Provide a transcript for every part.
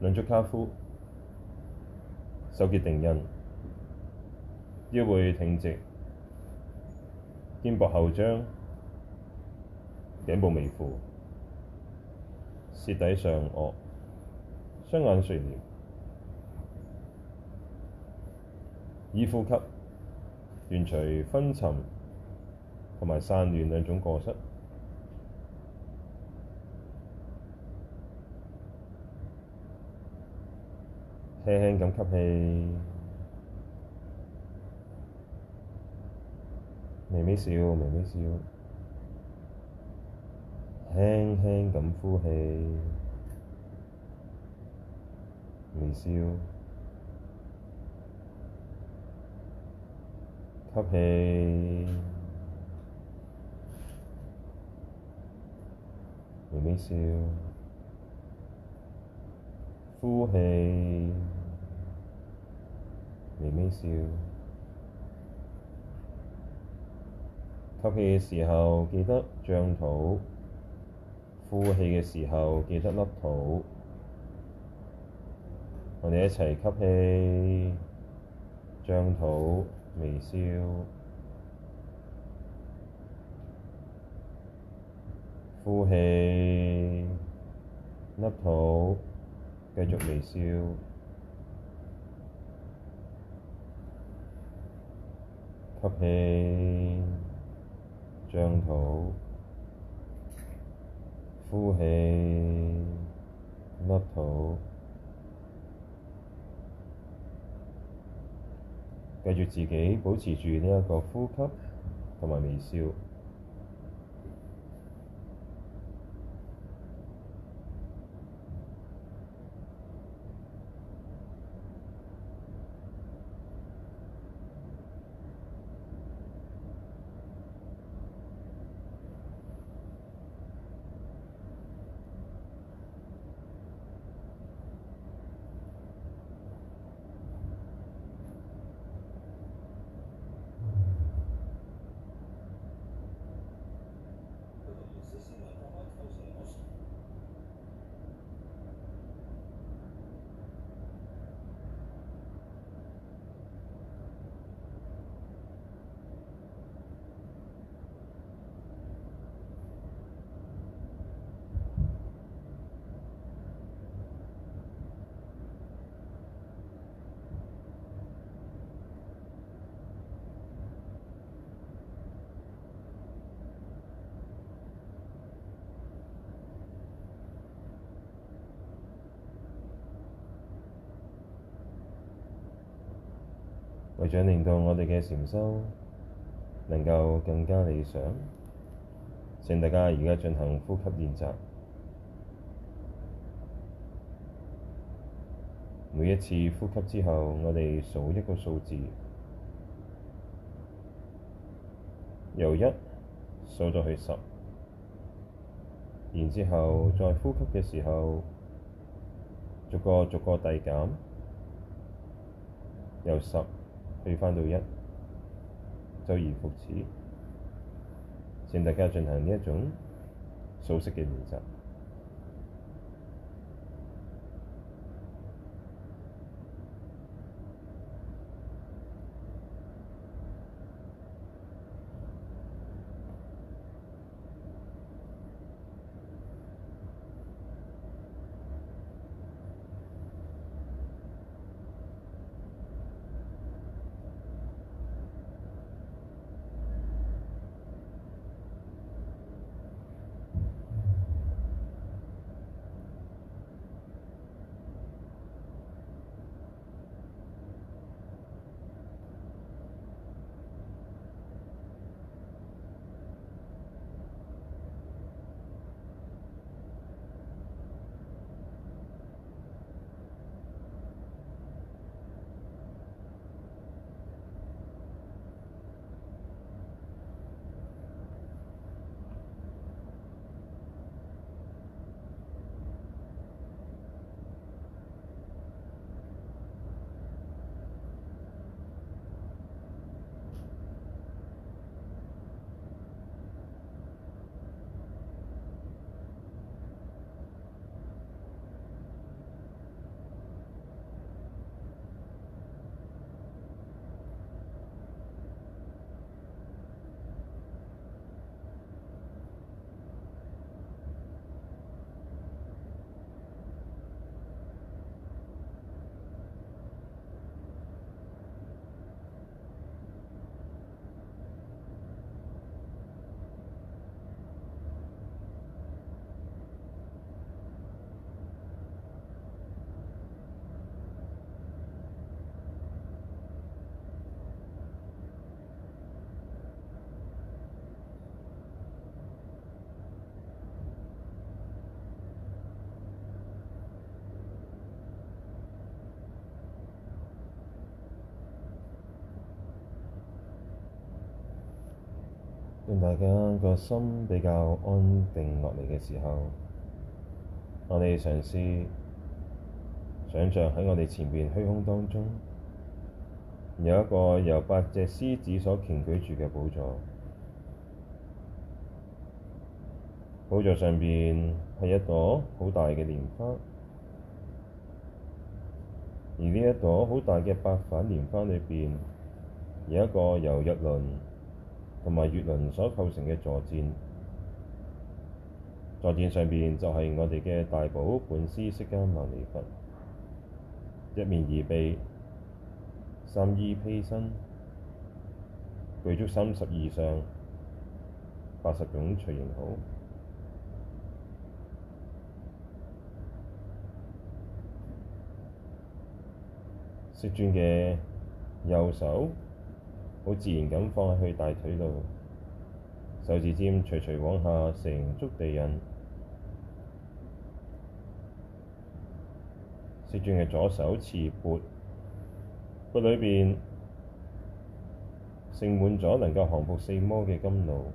兩足跏趺，手結定印，腰背挺直，肩膊後張，頸部微負，舌抵上腭，雙眼垂簾，以呼吸，去除昏沉，同埋散亂兩種過失。輕輕咁吸氣，微微笑，微微笑，輕輕咁呼氣，微笑，吸氣，微微笑，呼氣。微微笑，吸氣嘅時候記得漲肚，呼氣嘅時候記得凹肚。我哋一齊吸氣，漲肚，微笑；呼氣，凹肚，繼續微笑。吸氣，脹肚，呼氣，凹肚，繼續自己保持住呢一個呼吸同埋微笑。為咗令到我哋嘅禪修能夠更加理想，請大家而家進行呼吸練習。每一次呼吸之後，我哋數一個數字，由一數到去十，然之後再呼吸嘅時候，逐個逐個遞減，由十。去翻到一，周而復始，請大家進行呢一種熟悉嘅練習。令大家個心比較安定落嚟嘅時候，我哋嘗試想像喺我哋前面虛空當中有一個由八隻獅子所擎舉住嘅寶座，寶座上邊係一朵好大嘅蓮花，而呢一朵好大嘅白粉蓮花裏邊有一個由日輪。同埋月輪所構成嘅座墊，座墊上邊就係我哋嘅大寶本師釋迦牟尼佛，一面二臂，三衣披身，具足三十二相，八十種隨形好，釋尊嘅右手，好自然咁放喺佢大腿度，手指尖徐徐往下成觸地印，食住嘅左手持缽，缽裏邊盛滿咗能夠降服四魔嘅甘露，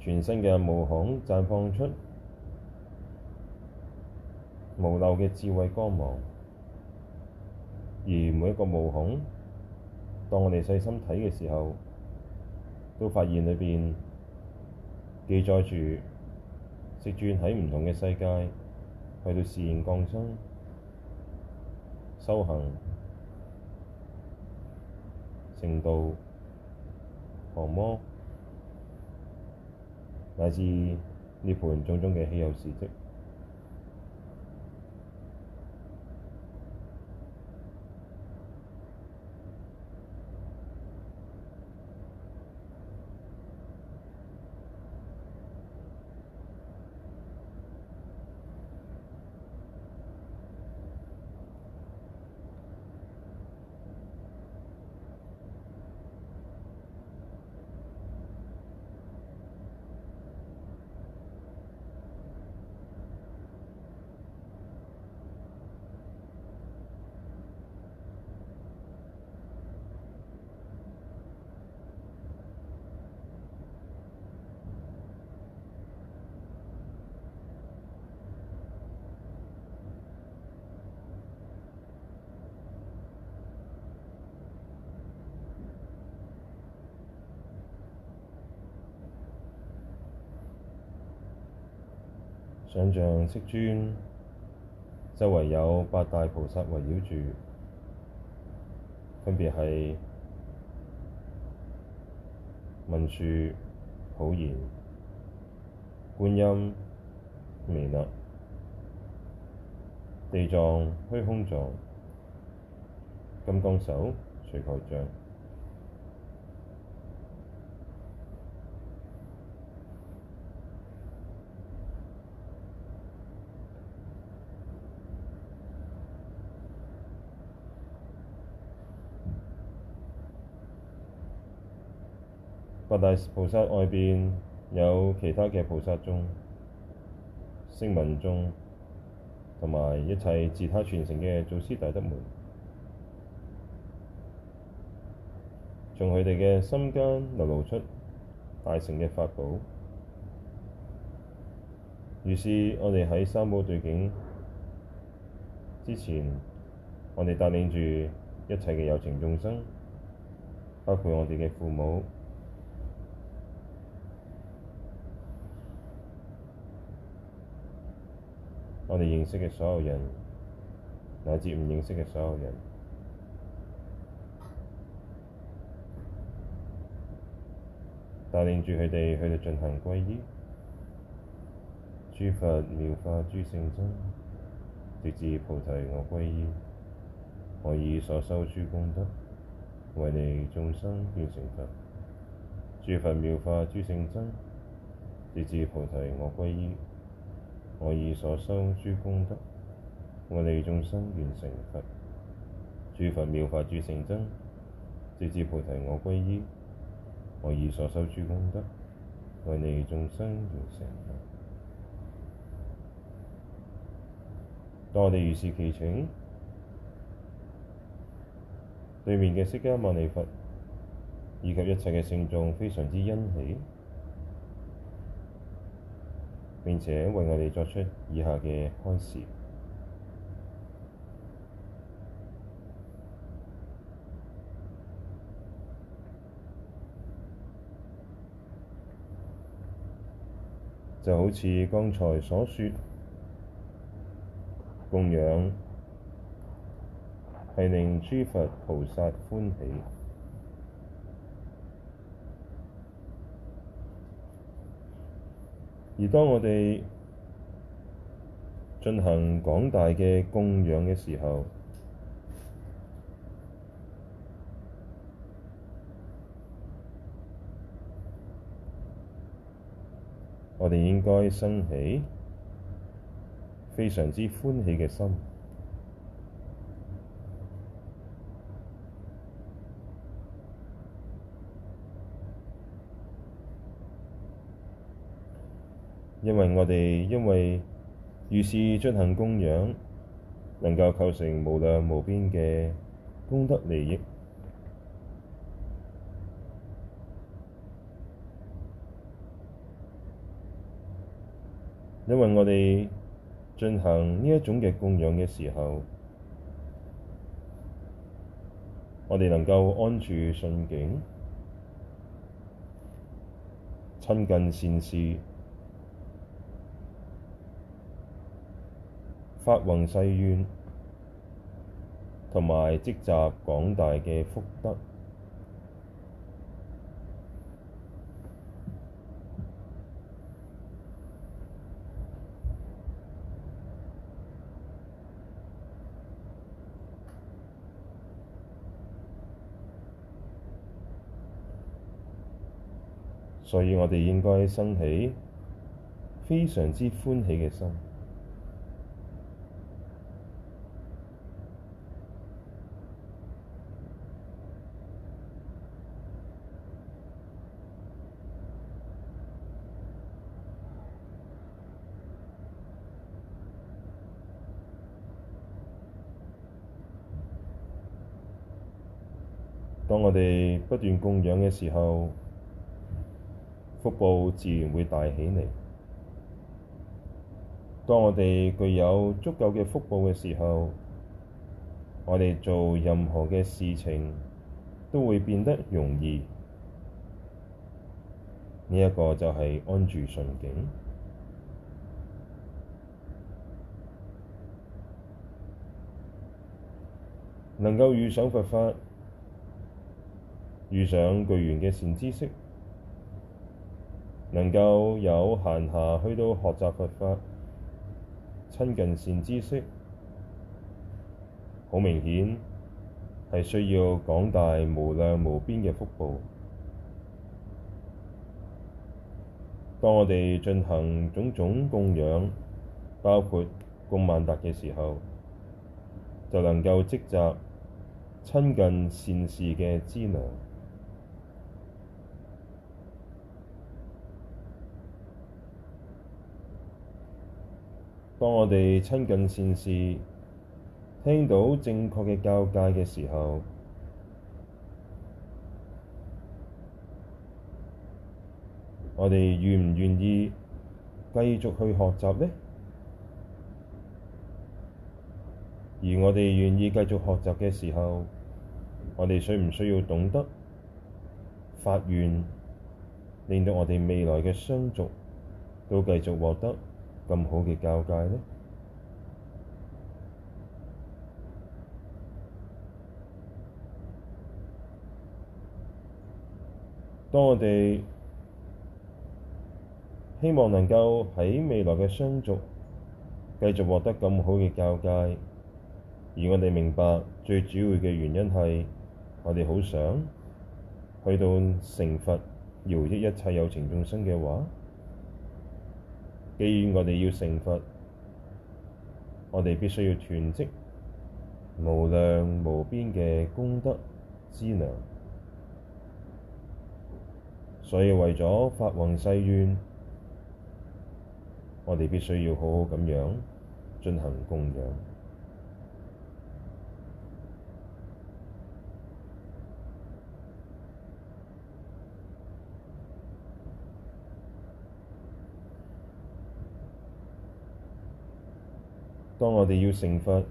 全身嘅毛孔綻放出無漏嘅智慧光芒。而每一個毛孔，當我哋細心睇嘅時候，都發現裏邊記載住釋尊喺唔同嘅世界去到自然降生、修行、成道、降魔，乃至涅槃種種嘅稀有事蹟。上像色尊，周圍有八大菩薩圍繞住，分別係文殊、普賢、觀音、彌勒、地藏、虛空藏、金剛手、除蓋障。大菩薩外邊有其他嘅菩薩眾、聲聞眾，同埋一切自他傳承嘅祖師大德們，從佢哋嘅心間流露出大乘嘅法寶。於是，我哋喺三寶對境之前，我哋帶領住一切嘅有情眾生，包括我哋嘅父母。我哋認識嘅所有人，乃至唔認識嘅所有人，帶領住佢哋去到進行皈依，諸佛妙法諸聖僧，直至菩提我皈依，我以所修諸功德，為利眾生願成佛，諸佛妙法諸聖僧，直至菩提我皈依。我以所修諸功德，為利眾生願成佛，諸佛妙法諸聖僧，直至菩提我歸依。我以所修諸功德，為利眾生願成佛。當我哋如是祈請，對面嘅釋迦牟尼佛以及一切嘅聖眾非常之欣喜。並且為我哋作出以下嘅開示，就好似剛才所說，供養係令諸佛菩薩歡喜。而當我哋進行廣大嘅供養嘅時候，我哋應該生起非常之歡喜嘅心。因為我哋因為如是進行供養，能夠構成無量無邊嘅功德利益。因為我哋進行呢一種嘅供養嘅時候，我哋能夠安住順境，親近善士。發弘誓願，同埋積集廣大嘅福德，所以我哋應該生起非常之歡喜嘅心。當我哋不斷供養嘅時候，福報自然會大起嚟。當我哋具有足夠嘅福報嘅時候，我哋做任何嘅事情都會變得容易。呢、這、一個就係安住順景，能夠遇上佛法。遇上巨源嘅善知識，能夠有閒暇去到學習佛法、親近善知識，好明顯係需要廣大無量無邊嘅福報。當我哋進行種種供養，包括供曼達嘅時候，就能夠積集親近善士嘅資糧。當我哋親近善士，聽到正確嘅教誡嘅時候，我哋願唔願意繼續去學習呢？而我哋願意繼續學習嘅時候，我哋需唔需要懂得發願，令到我哋未來嘅相續都繼續獲得？咁好嘅教戒呢？當我哋希望能夠喺未來嘅相續續繼續獲得咁好嘅教戒，而我哋明白最主要嘅原因係我哋好想去到成佛，饒益一切有情眾生嘅話。既然我哋要成佛，我哋必須要囤積無量無邊嘅功德資糧，所以為咗發弘誓願，我哋必須要好好咁樣進行供養。當我哋要成佛，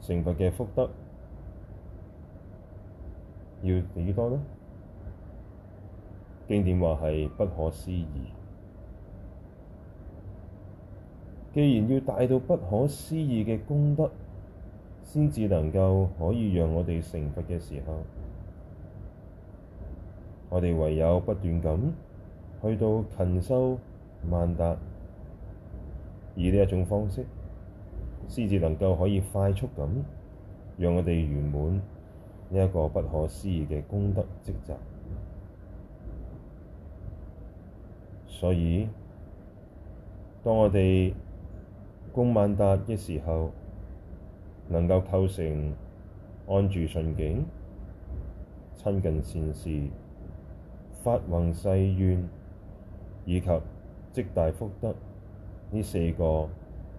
成佛嘅福德要幾多呢？經典話係不可思議。既然要大到不可思議嘅功德，先至能夠可以讓我哋成佛嘅時候，我哋唯有不斷咁去到勤修萬達，以呢一種方式。先至能夠可以快速咁，讓我哋圓滿呢一個不可思議嘅功德積集。所以，當我哋功滿達嘅時候，能夠構成安住順景、親近善士、發弘誓願以及積大福德呢四個。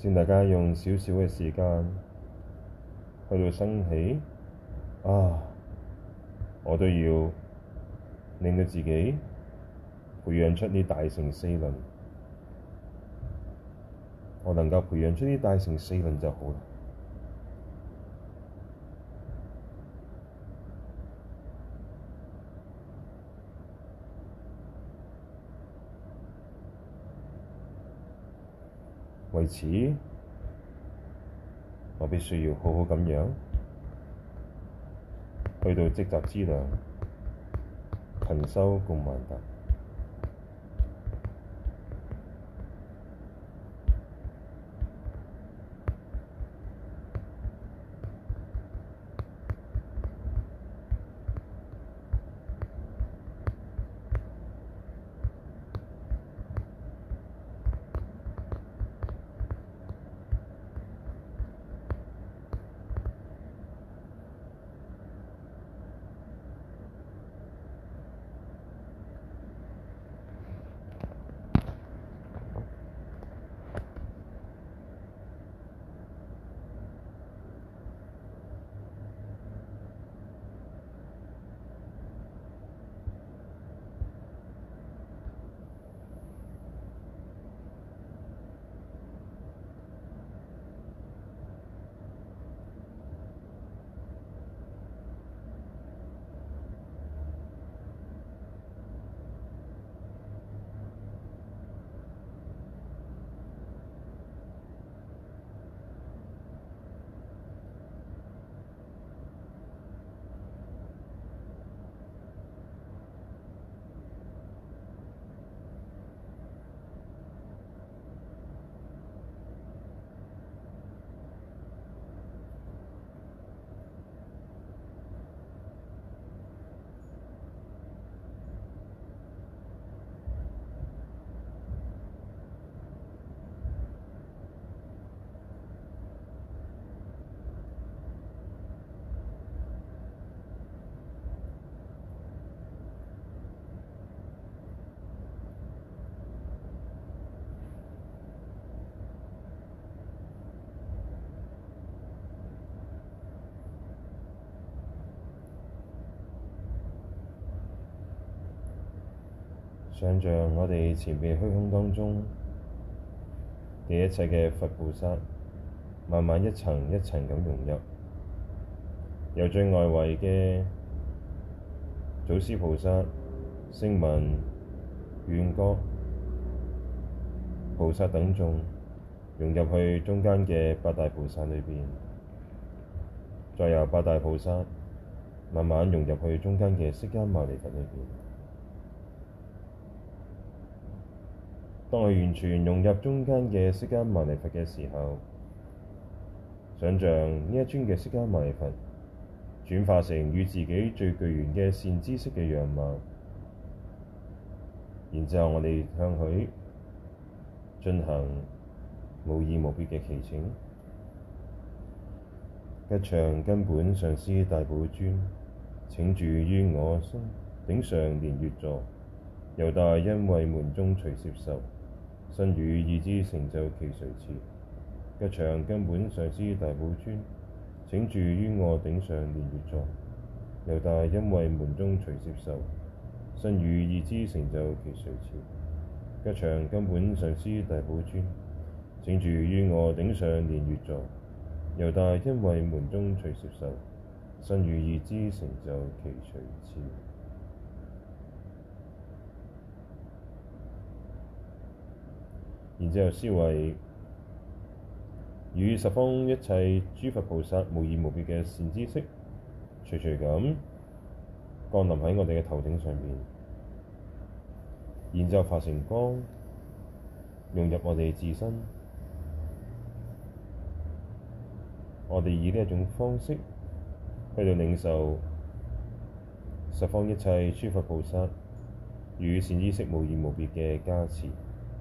趁大家用少少嘅時間去到升起啊，我都要令到自己培養出啲大乘四輪，我能夠培養出啲大乘四輪就好。為此，我必須要好好咁樣去到積集資糧，勤修共萬德。想象我哋前面虛空當中嘅一切嘅佛菩薩，慢慢一層一層咁融入，由最外圍嘅祖師菩薩、聲聞、緣覺菩薩等眾融入去中間嘅八大菩薩裏邊，再由八大菩薩慢慢融入去中間嘅釋迦牟尼佛裏邊。當我完全融入中間嘅釋迦牟尼佛嘅時候，想像呢一尊嘅釋迦牟尼佛轉化成與自己最具緣嘅善知識嘅樣貌，然之後我哋向佢進行無二無別嘅祈請，吉祥根本上師大寶尊，請住於我心頂上蓮月座，由大恩惠門中隨攝受。身與意之成就其誰賜？吉祥根本上師大寶尊，請住於我頂上蓮月座。」又大因為門中隨攝受，身與意之成就其誰賜？吉祥根本上師大寶尊，請住於我頂上蓮月座。」又大因為門中隨攝受，身與意之成就其誰賜？然之後思維與十方一切諸佛菩薩無異無別嘅善知識，徐徐咁降臨喺我哋嘅頭頂上邊，然後化成光，融入我哋自身，我哋以呢一種方式去到領受十方一切諸佛菩薩與善知識無異無別嘅加持。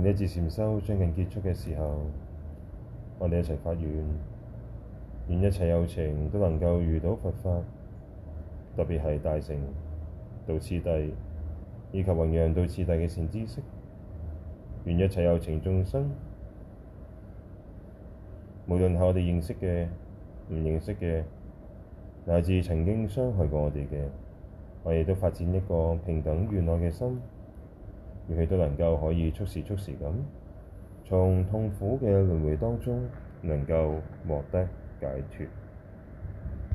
我哋一次禪修將近結束嘅時候，我哋一齊發願，願一切有情都能夠遇到佛法，特別係大乘道次第，以及弘揚道次第嘅善知識。願一切有情眾生，無論係我哋認識嘅、唔認識嘅，乃至曾經傷害過我哋嘅，我哋亦都發展一個平等、原愛嘅心。語氣都能夠可以促使促使咁，從痛苦嘅輪回當中能夠獲得解脱。